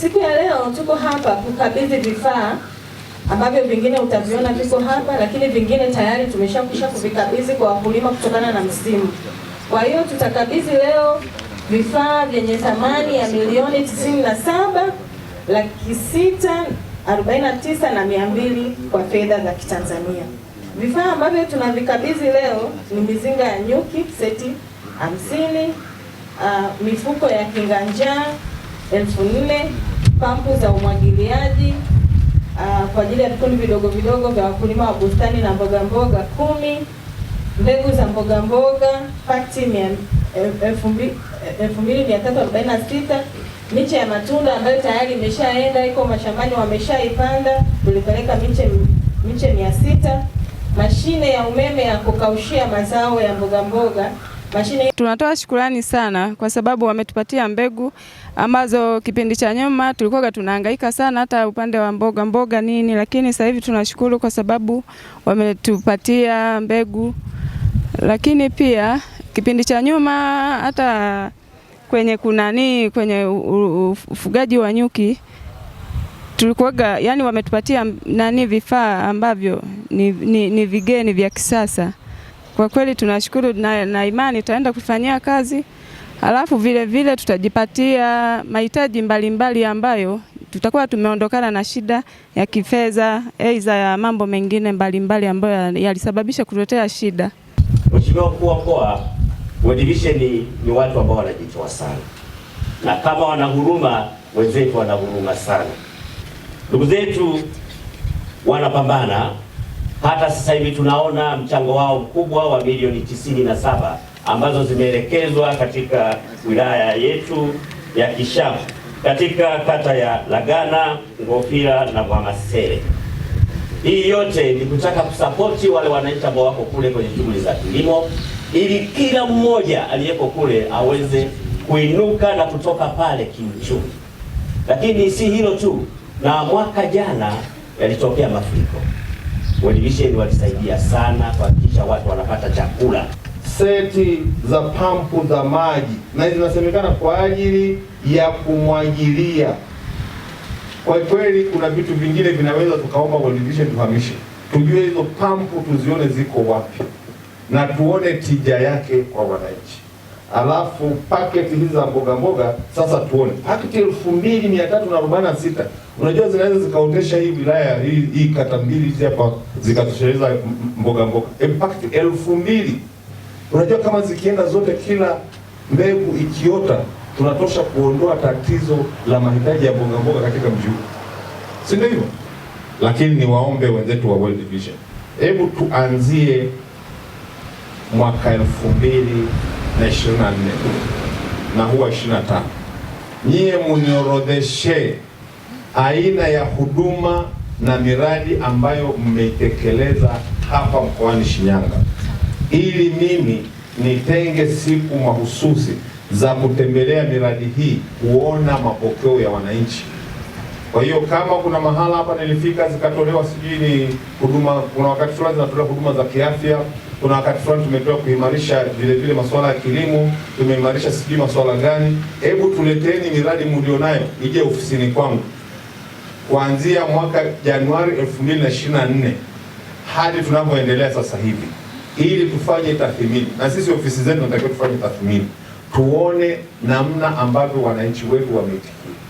Siku ya leo tuko hapa kukabidhi vifaa ambavyo vingine utaviona viko hapa, lakini vingine tayari tumeshakwisha kuvikabidhi kwa wakulima kutokana na msimu. Kwa hiyo tutakabidhi leo vifaa vyenye thamani ya milioni 97 saba laki sita arobaini na tisa na kwa fedha za Kitanzania. Vifaa ambavyo tunavikabidhi leo ni mizinga ya nyuki seti 50 uh, ah, mifuko ya kinga njaa elfu nne pampu za umwagiliaji ah, kwa ajili ya vikundi vidogo vidogo vya wakulima wa bustani na mboga mboga kumi, mbegu za mboga mboga pakti elfu mbili mia tatu arobaini na sita miche ya matunda ambayo tayari imeshaenda iko mashambani, wameshaipanda tulipeleka miche miche mia sita mashine ya umeme ya kukaushia mazao ya mboga mboga Mashine. Tunatoa shukurani sana kwa sababu wametupatia mbegu ambazo kipindi cha nyuma tulikuwa tunahangaika sana hata upande wa mboga mboga nini, lakini sasa hivi tunashukuru kwa sababu wametupatia mbegu. Lakini pia kipindi cha nyuma hata kwenye kunani kwenye ufugaji wa nyuki tulikuwa yani, wametupatia nani vifaa ambavyo ni, ni, ni vigeni vya kisasa. Kwa kweli tunashukuru na, na imani tutaenda kufanyia kazi, alafu vile vile tutajipatia mahitaji mbalimbali ambayo tutakuwa tumeondokana na shida ya kifedha, aidha ya mambo mengine mbalimbali ambayo yalisababisha kutotea shida. Mheshimiwa Mkuu wa Mkoa, ni, ni watu ambao wanajitoa sana, na kama wanahuruma wenzetu wanahuruma sana, ndugu zetu wanapambana hata sasa hivi tunaona mchango wao mkubwa wa milioni tisini na saba ambazo zimeelekezwa katika wilaya yetu ya Kishapu katika kata ya Lagana, Ngofira na Mwamasere. Hii yote ni kutaka kusapoti wale wananchi ambao wako kule kwenye shughuli za kilimo, ili kila mmoja aliyeko kule aweze kuinuka na kutoka pale kiuchumi. Lakini si hilo tu, na mwaka jana yalitokea mafuriko Welivisheni walisaidia sana kuhakikisha watu wanapata chakula. Seti za pampu za maji na zinasemekana kwa ajili ya kumwagilia. Kwa kweli, kuna vitu vingine vinaweza tukaomba Welivisheni tuhamishe, tujue hizo pampu tuzione ziko wapi na tuone tija yake kwa wananchi alafu paketi hizi za mboga mboga sasa tuone paketi elfu mbili mia tatu na arobaini na sita unajua zinaweza zikaotesha hii wilaya hii, hii kata mbili hizi hapa zikatosheleza mboga mboga e, paketi elfu mbili unajua kama zikienda zote kila mbegu ikiota tunatosha kuondoa tatizo la mahitaji ya mboga mboga katika mji huu, si ndio hivyo? Lakini niwaombe wenzetu wa World Vision, hebu tuanzie mwaka elfu mbili na ishirini na nne na huwa ishirini na tano Nyie muniorodheshe aina ya huduma na miradi ambayo mmeitekeleza hapa mkoani Shinyanga, ili mimi nitenge siku mahususi za kutembelea miradi hii kuona mapokeo ya wananchi. Kwa hiyo kama kuna mahala hapa nilifika zikatolewa sijui ni huduma, kuna wakati fulani zinatolewa huduma za kiafya kuna wakati fulani tumetoa kuimarisha vile vile masuala ya kilimo, tumeimarisha sijui masuala gani. Hebu tuleteni miradi mlionayo ije ofisini kwangu kuanzia mwaka Januari 2024 hadi tunapoendelea sasa hivi, ili tufanye tathmini, na sisi ofisi zetu tunatakiwa tufanye tathmini, tuone namna ambavyo wananchi wetu wameitikia.